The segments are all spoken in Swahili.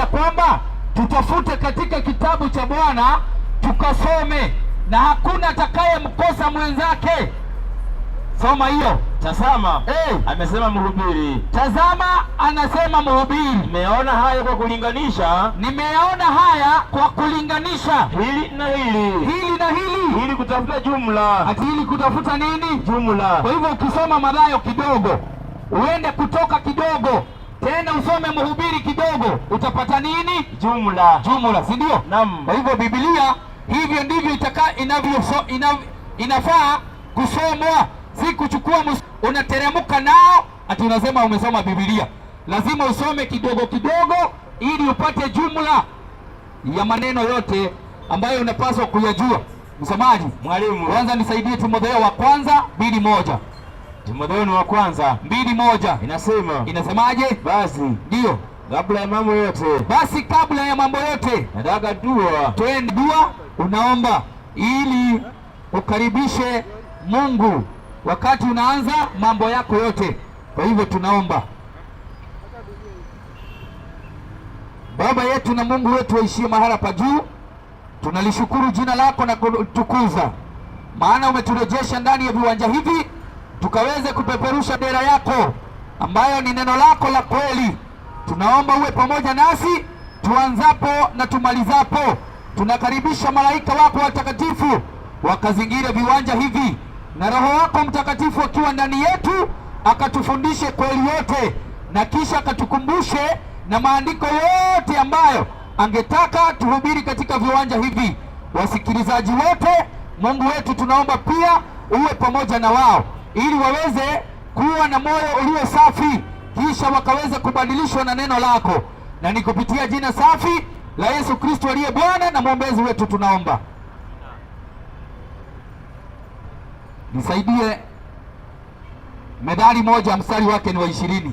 ya kwamba tutafute katika kitabu cha Bwana tukasome, na hakuna atakayemkosa mwenzake. Soma hiyo. Tazama, hey, amesema mhubiri. Tazama, anasema mhubiri, nimeona haya kwa kulinganisha, nimeona haya kwa kulinganisha hili na hili, hili na hili, hili kutafuta jumla, ati hili kutafuta nini? Jumla. Kwa hivyo ukisoma Mathayo kidogo, uende kutoka kidogo tena usome Mhubiri kidogo utapata nini? Jumla, jumla, si ndio? Naam. Kwa hivyo Biblia hivyo ndivyo itaka inavyo so, inav, inafaa kusomwa, si kuchukua unateremka nao ati unasema umesoma Biblia. Lazima usome kidogo kidogo ili upate jumla ya maneno yote ambayo unapaswa kuyajua. Msomaji, mwalimu, kwanza nisaidie Timotheo wa kwanza mbili moja. Timotheo wa kwanza mbili moja inasema inasemaje? Basi ndio kabla ya mambo yote, basi kabla ya mambo yote nataka dua twende. Dua unaomba ili ukaribishe Mungu wakati unaanza mambo yako yote. Kwa hivyo tunaomba. Baba yetu na Mungu wetu waishie mahala pa juu, tunalishukuru jina lako na kutukuza, maana umeturejesha ndani ya viwanja hivi tukaweze kupeperusha dera yako ambayo ni neno lako la kweli. Tunaomba uwe pamoja nasi tuanzapo na tumalizapo. Tunakaribisha malaika wako watakatifu wakazingire viwanja hivi, na Roho wako Mtakatifu akiwa ndani yetu akatufundishe kweli yote, na kisha akatukumbushe na maandiko yote ambayo angetaka tuhubiri katika viwanja hivi. Wasikilizaji wote, Mungu wetu, tunaomba pia uwe pamoja na wao ili waweze kuwa na moyo ulio safi, kisha wakaweze kubadilishwa na neno lako, na ni kupitia jina safi la Yesu Kristo aliye Bwana na mwombezi wetu tunaomba. Nisaidie medali moja, mstari wake ni wa ishirini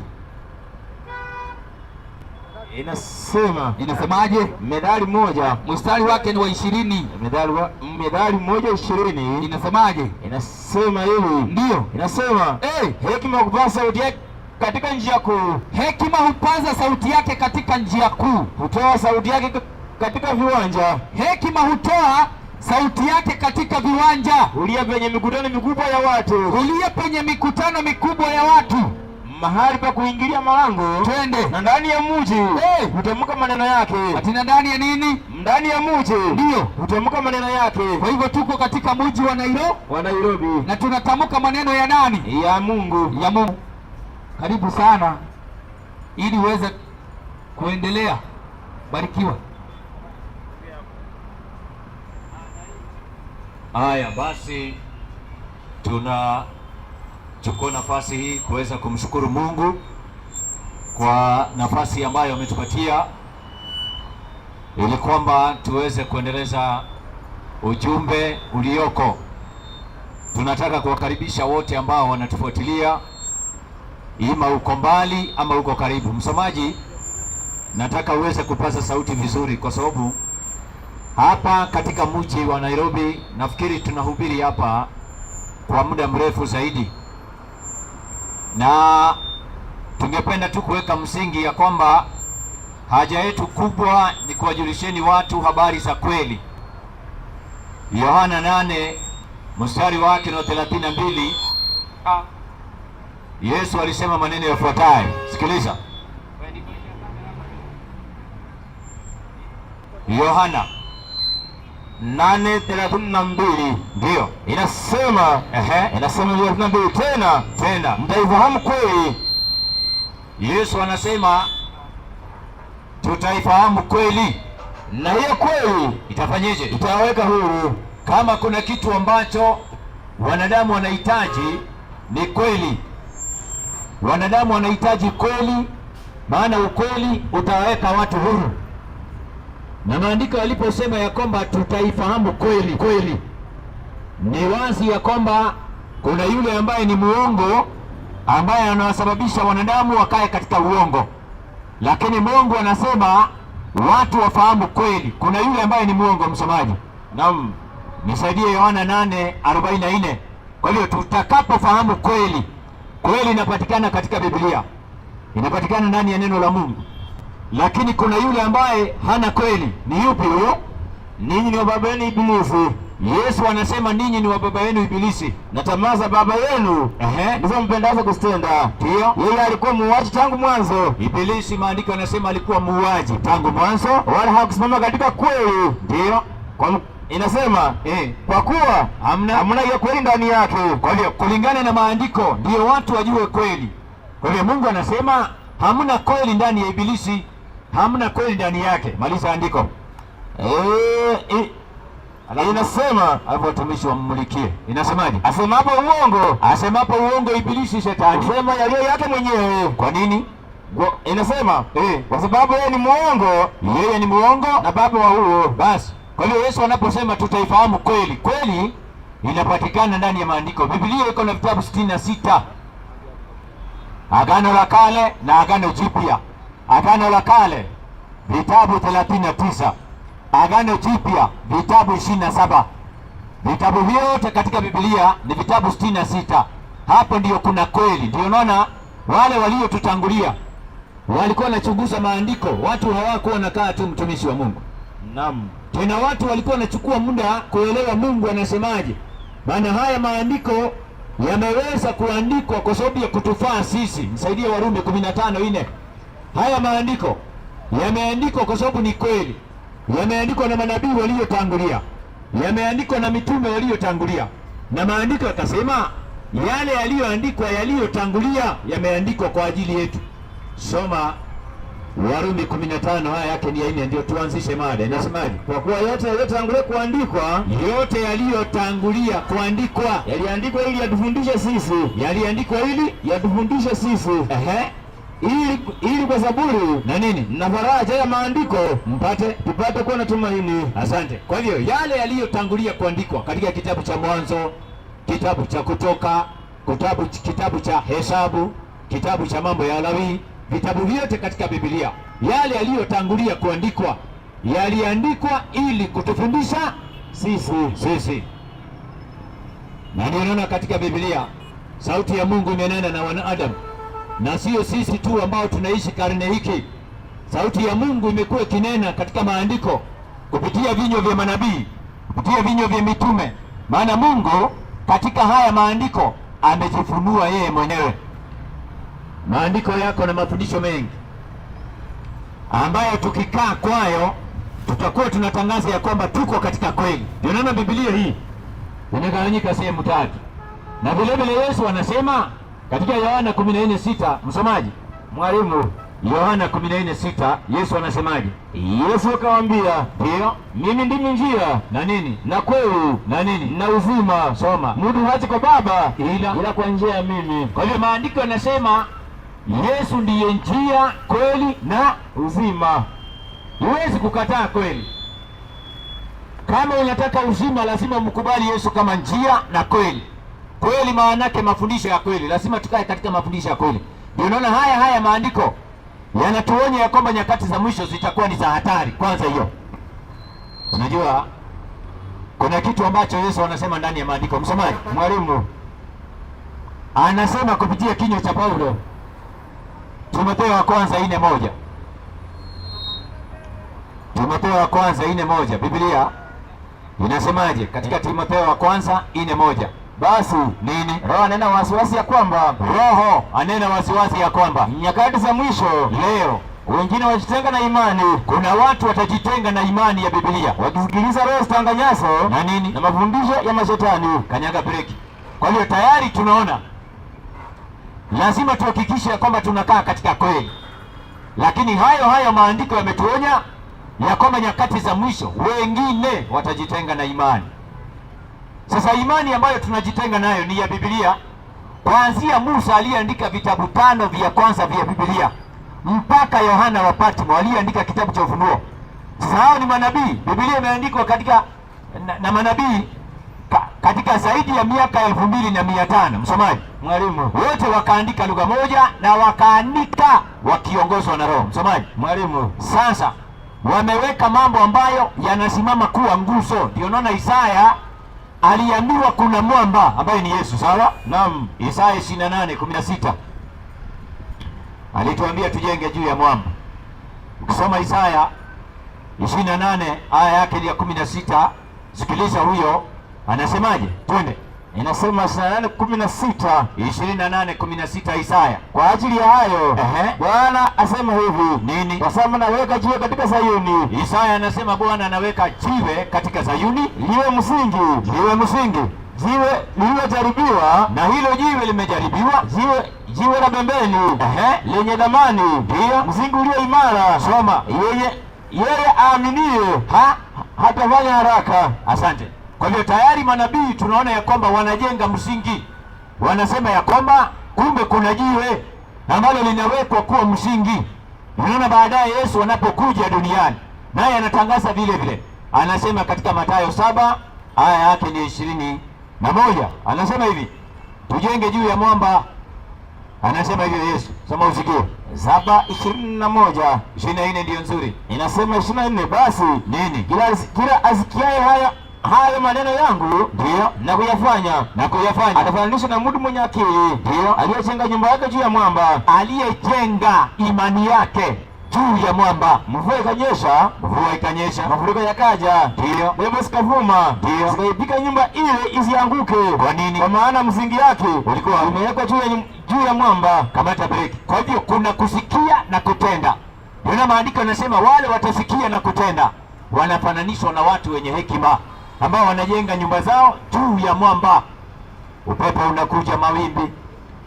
inasema inasemaje? Medali moja mstari wake ni wa ishirini. Medali wa medali moja ishirini inasemaje? Inasema hivi ndiyo, inasema hey, eh, hekima kupaa sauti yake katika njia kuu. Hekima hupaza sauti yake katika njia kuu, hutoa sauti yake katika viwanja. Hekima hutoa sauti yake katika viwanja. Kulia penye mikutano mikubwa ya watu, kulia penye mikutano mikubwa ya watu mahali pa kuingilia malango, twende na ndani ya mji hey, utamka maneno yake. Atina ndani ya nini? Ndani ya mji ndio utamka maneno yake. Kwa hivyo tuko katika mji wa Nairobi, wa Nairobi, na tunatamka maneno ya nani? Ya Mungu, ya Mungu. Karibu sana, ili uweze kuendelea barikiwa. Haya basi tuna Chukua nafasi hii kuweza kumshukuru Mungu kwa nafasi ambayo ametupatia ili kwamba tuweze kuendeleza ujumbe ulioko. Tunataka kuwakaribisha wote ambao wanatufuatilia, ima uko mbali ama uko karibu. Msomaji, nataka uweze kupaza sauti vizuri, kwa sababu hapa katika mji wa Nairobi nafikiri tunahubiri hapa kwa muda mrefu zaidi na tungependa tu kuweka msingi ya kwamba haja yetu kubwa ni kuwajulisheni watu habari za kweli. Yohana 8 mstari wake na 32, Yesu alisema maneno yafuatayo, sikiliza. Yohana nane thelathini na mbili ndiyo inasema ehe, inasema thelathini na mbili tena tena, mtaifahamu kweli. Yesu anasema tutaifahamu kweli, na hiyo kweli itafanyeje? itaweka huru. Kama kuna kitu ambacho wanadamu wanahitaji ni kweli, wanadamu wanahitaji kweli, maana ukweli utaweka watu huru na maandiko yaliposema ya kwamba tutaifahamu kweli kweli, ni wazi ya kwamba kuna yule ambaye ni muongo ambaye anawasababisha wanadamu wakae katika uongo, lakini Mungu anasema watu wafahamu kweli. Kuna yule ambaye ni muongo, msomaji. Naam, nisaidie Yohana 8:44. Kwa hiyo tutakapofahamu kweli, kweli inapatikana katika Biblia, inapatikana ndani ya neno la Mungu. Lakini kuna yule ambaye hana kweli, ni yupi huyo? Ninyi ni wa baba yenu Ibilisi. Yesu anasema ninyi ni wa baba yenu Ibilisi na tamaa za baba yenu ndizo mpendazo kustenda. Ndio, yeye alikuwa muuaji tangu mwanzo. Ibilisi, maandiko yanasema alikuwa muuaji tangu mwanzo, wala hakusimama katika kweli. ndio kwa inasema eh, kwa kuwa hamna hiyo kweli ndani yake. Kwa hivyo kulingana na maandiko, ndio watu wajue kweli. Kwa hivyo Mungu anasema hamna kweli ndani ya Ibilisi hamna kweli ndani yake. Maliza andiko e, e, watumishi wammulikie. Inasemaje? Asemapo uongo, asemapo uongo Ibilisi shetani sema yaliyo yake mwenyewe. Kwa nini? Inasema eh, kwa sababu yeye ni muongo, yeye ni muongo na baba wa huo. Basi kwa hiyo Yesu anaposema tutaifahamu kweli, kweli inapatikana ndani ya maandiko. Biblia iko na vitabu sitini na sita Agano la Kale na Agano Jipya. Agano la Kale vitabu 39, Agano Jipya vitabu 27. Vitabu vyote katika Biblia ni vitabu 66. sita Hapo ndiyo kuna kweli. Ndio unaona wale waliotutangulia walikuwa wanachunguza maandiko, watu hawakuwa wanakaa tu, mtumishi wa Mungu. Naam, tena watu walikuwa wanachukua muda kuelewa Mungu anasemaje, maana haya maandiko yameweza kuandikwa kwa sababu ya kutufaa sisi. Msaidie Warumi kumi na Haya maandiko yameandikwa kwa sababu ni kweli, yameandikwa na manabii waliyotangulia yameandikwa na mitume waliyotangulia na maandiko yakasema yale yaliyoandikwa yaliyotangulia yameandikwa kwa ajili yetu. Soma Warumi 15 haya yake ni aina, ndio tuanzishe mada. Inasemaje? Kwa kuwa yote yaliyotangulia kuandikwa, yote yaliyotangulia kuandikwa yaliandikwa ili yatufundishe sisi, yaliandikwa ili yatufundishe sisi. Ehe ili, ili kwa zaburi na nini na faraja ya maandiko mpate tupate kuwa na tumaini. Asante. Kwa hivyo yale yaliyotangulia kuandikwa katika kitabu cha Mwanzo, kitabu cha Kutoka, kitabu, kitabu cha Hesabu, kitabu cha mambo ya Lawi, vitabu vyote katika Biblia, yale yaliyotangulia kuandikwa yaliandikwa ili kutufundisha sisi sisi, na ndio unaona katika Biblia sauti ya Mungu imenena na wanadamu na sio sisi tu ambao tunaishi karne hiki. Sauti ya Mungu imekuwa ikinena katika maandiko kupitia vinywa vya manabii, kupitia vinywa vya mitume, maana Mungu katika haya maandiko amejifunua yeye mwenyewe. Maandiko yako na mafundisho mengi ambayo tukikaa kwayo tutakuwa tunatangaza ya kwamba tuko katika kweli. Ndio maana Biblia hii inagawanyika sehemu tatu, na vilevile Yesu anasema katika Yohana 14:6, msomaji mwalimu, Yohana 14:6, Yesu anasemaje? Yesu akamwambia, ndio mimi ndimi njia na nini na kweli na nini na uzima. Soma, mtu haji kwa Baba ila ila kwa njia ya mimi. Kwa hiyo maandiko yanasema Yesu ndiye njia, kweli na uzima. Huwezi kukataa kweli. Kama unataka uzima, lazima mkubali Yesu kama njia na kweli. Kweli maanake mafundisho ya kweli, lazima tukae katika mafundisho ya kweli. Ndio unaona haya haya maandiko yanatuonya ya kwamba nyakati za mwisho zitakuwa ni za hatari. Kwanza hiyo, unajua kuna kitu ambacho Yesu anasema ndani ya maandiko. Msomaji, mwalimu anasema kupitia kinywa cha Paulo, Timotheo wa kwanza nne moja Timotheo wa kwanza nne moja Biblia inasemaje katika Timotheo wa kwanza nne moja basi nini roho anena wasiwasi ya kwamba roho anena wasiwasi ya kwamba nyakati za mwisho leo wengine wajitenga na imani. Kuna watu watajitenga na imani ya Biblia wakisikiliza roho zitanganyazo na nini na mafundisho ya mashetani. Kanyaga breki. Kwa hiyo tayari tunaona lazima tuhakikishe ya kwamba tunakaa katika kweli, lakini hayo hayo maandiko yametuonya ya kwamba nyakati za mwisho wengine watajitenga na imani. Sasa imani ambayo tunajitenga nayo ni ya Biblia. Kuanzia Musa aliyeandika vitabu tano vya kwanza vya Biblia mpaka Yohana wa Patmo aliyeandika kitabu cha Ufunuo. Sasa hao ni manabii. Biblia imeandikwa katika na, na manabii ka, katika zaidi ya miaka elfu mbili na mia tano. Msomaji, mwalimu, wote wakaandika lugha moja na wakaandika wakiongozwa na Roho. Msomaji, mwalimu, sasa wameweka mambo ambayo yanasimama kuwa nguzo. Ndio unaona Isaya aliambiwa kuna mwamba ambaye ni Yesu, sawa? Naam. Isaya 28:16 alituambia tujenge juu ya mwamba. Ukisoma Isaya 28 aya yake ya 16, sikiliza huyo anasemaje, twende inasema 28:16 sita Isaya. Kwa ajili ya hayo Bwana asema hivi nini? Kwa sababu naweka jiwe katika Sayuni. Isaya anasema Bwana anaweka jiwe katika Sayuni, liwe msingi, liwe msingi jiwe lililojaribiwa na hilo jiwe limejaribiwa, jiwe jiwe la pembeni lenye damani, ndio msingi ulio imara. Soma, yeye yeye aaminiye ha hatafanya haraka. Asante. Kwa hivyo tayari manabii tunaona ya kwamba wanajenga msingi, wanasema ya kwamba kumbe kuna jiwe ambalo linawekwa kuwa msingi. Unaona, baadaye Yesu anapokuja duniani naye anatangaza vile vile, anasema katika Mathayo saba aya yake ni ishirini na moja anasema hivi, tujenge juu ya mwamba. Anasema hivyo Yesu, sema usikie saba ishirini na moja ishirini na nne ndiyo nzuri, inasema ishirini na nne basi nini, kila, kila asikiaye haya hayo maneno yangu ndio na kuyafanya na kuyafanya. Atafananisha na mtu mwenye akili ndio aliyejenga nyumba yake juu ya mwamba, aliyejenga imani yake juu ya mwamba. Mvua ikanyesha, mvua ikanyesha, mafuriko yakaja, ndio debe zikavuma, ndio zikaipika nyumba ile isianguke. Kwa nini? Kwa maana msingi yake ulikuwa umewekwa juu ya juu ya mwamba. Kamata breki. Kwa hivyo kuna kusikia na kutenda. Maandiko yanasema wale watasikia na kutenda, wanafananishwa na watu wenye hekima ambao wanajenga nyumba zao juu ya mwamba. Upepo unakuja, mawimbi,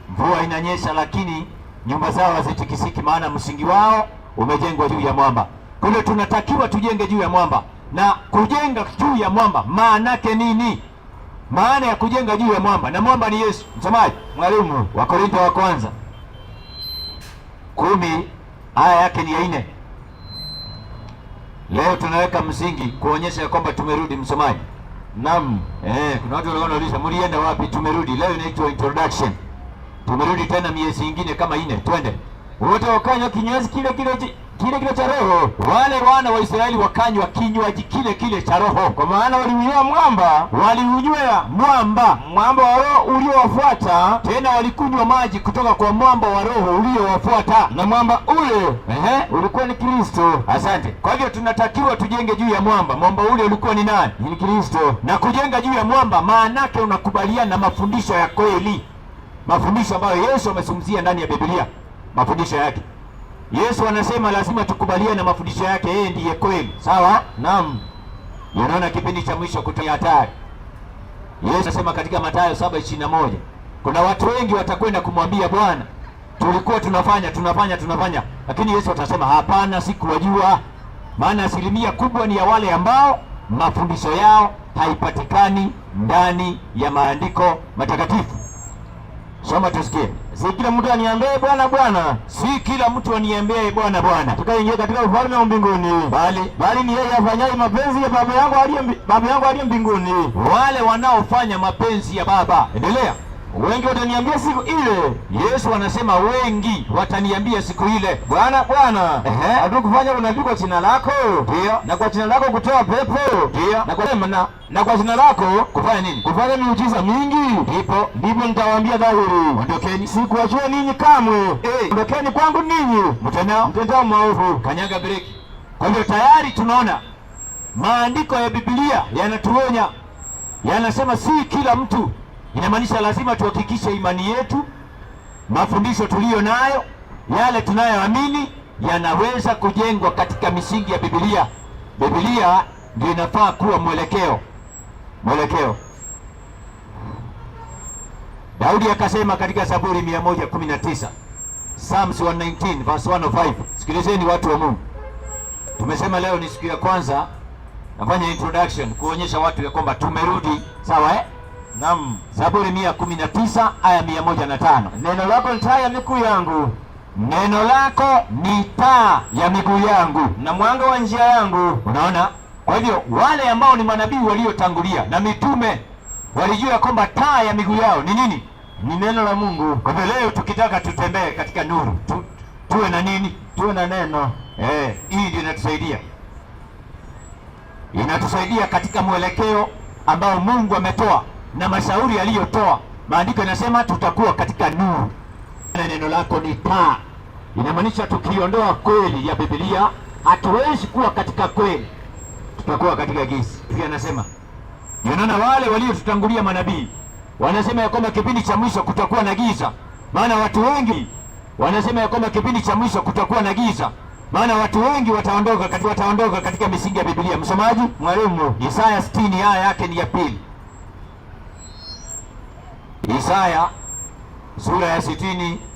mvua inanyesha, lakini nyumba zao hazitikisiki, maana msingi wao umejengwa juu ya mwamba. Kule tunatakiwa tujenge juu ya mwamba, na kujenga juu ya mwamba maanake nini? Maana ya kujenga juu ya mwamba, na mwamba ni Yesu. Msomaji, mwalimu wa Korinto wa kwanza kumi aya yake ni ya nne. Leo tunaweka msingi kuonyesha kwamba tumerudi. Msomaji, naam, eh, kuna watu wanauliza mlienda wapi? Tumerudi. Leo inaitwa introduction, tumerudi tena miezi ingine kama ine, twende wote wakanywa kinywaji kile kile kile kile cha roho, wale wana wa Israeli wakanywa kinywaji kile kile cha roho, kwa maana waliunywa mwamba, waliunywa mwamba, mwamba wa roho uliowafuata. Tena walikunywa maji kutoka kwa mwamba wa roho uliowafuata, na mwamba ule ehe, ulikuwa ni Kristo. Asante. Kwa hivyo tunatakiwa tujenge juu ya mwamba. Mwamba ule ulikuwa ni nani? Ni Kristo. Na kujenga juu ya mwamba, maanake unakubaliana na mafundisho ya kweli, mafundisho ambayo Yesu amezungumzia ndani ya Biblia, mafundisho yake. Yesu anasema lazima tukubalie na mafundisho yake, yeye ndiye kweli. Sawa? Naam. unaona kipindi cha mwisho kutia hatari. Yesu anasema katika Mathayo 7:21, kuna watu wengi watakwenda kumwambia Bwana, tulikuwa tunafanya tunafanya tunafanya, lakini Yesu atasema hapana, sikuwajua. Maana asilimia kubwa ni ya wale ambao mafundisho yao haipatikani ndani ya maandiko matakatifu. Soma tusikie si kila mtu aniambie bwana bwana, si kila mtu aniambie bwana bwana, tukaingia katika ufalme wa mbinguni, bali bali ni yeye afanyaye mapenzi ya baba yangu aliye baba yangu aliye mbinguni, wale wanaofanya mapenzi ya baba. Endelea. Wengi wataniambia siku ile. Yesu anasema wengi wataniambia siku ile, Bwana Bwana, ehe, hatukufanya unabii kwa jina lako? Ndio. Na kwa jina lako kutoa pepo? Ndio. Na kwa na, na kwa jina lako kufanya nini? Kufanya miujiza mingi? Ndipo. ndipo nitawaambia dhahiri, ondokeni, sikuwajua ninyi kamwe. Eh, ondokeni kwangu ninyi mtendao mtendao maovu. Kanyaga breki. Kwa hivyo tayari tunaona maandiko ya Biblia yanatuonya, yanasema si kila mtu Inamaanisha lazima tuhakikishe imani yetu, mafundisho tuliyo nayo, yale tunayoamini yanaweza kujengwa katika misingi ya Biblia. Biblia ndio inafaa kuwa mwelekeo, mwelekeo. Daudi akasema katika Zaburi 119 Psalms 119 verse 105. Sikilizeni watu wa Mungu, tumesema leo ni siku ya kwanza nafanya introduction kuonyesha watu ya kwamba tumerudi, sawa eh? Naam. Zaburi mia kumi na tisa aya mia moja na tano neno lako ni taa ya miguu yangu, neno lako ni taa ya miguu yangu na mwanga wa njia yangu. Unaona, kwa hivyo wale ambao ni manabii waliotangulia na mitume walijua kwamba taa ya miguu yao ni nini? Ni neno la Mungu. Kwa hivyo leo tukitaka tutembee katika nuru tu, tuwe na nini? Tuwe na neno eh, hii ndio inatusaidia inatusaidia katika mwelekeo ambao Mungu ametoa na mashauri aliyotoa. Maandiko yanasema tutakuwa katika nuru na neno lako ni taa. Inamaanisha tukiondoa kweli ya Biblia hatuwezi kuwa katika kweli, tutakuwa katika giza. Pia anasema yanaona wale waliotutangulia manabii wanasema ya kwamba kipindi cha mwisho kutakuwa na giza, maana watu wengi wanasema ya kwamba kipindi cha mwisho kutakuwa na giza, maana watu wengi wataondoka katika, wataondoka katika misingi ya Biblia. Msomaji mwalimu, Isaya 60 aya yake ni ya pili. Isaya sura ya sitini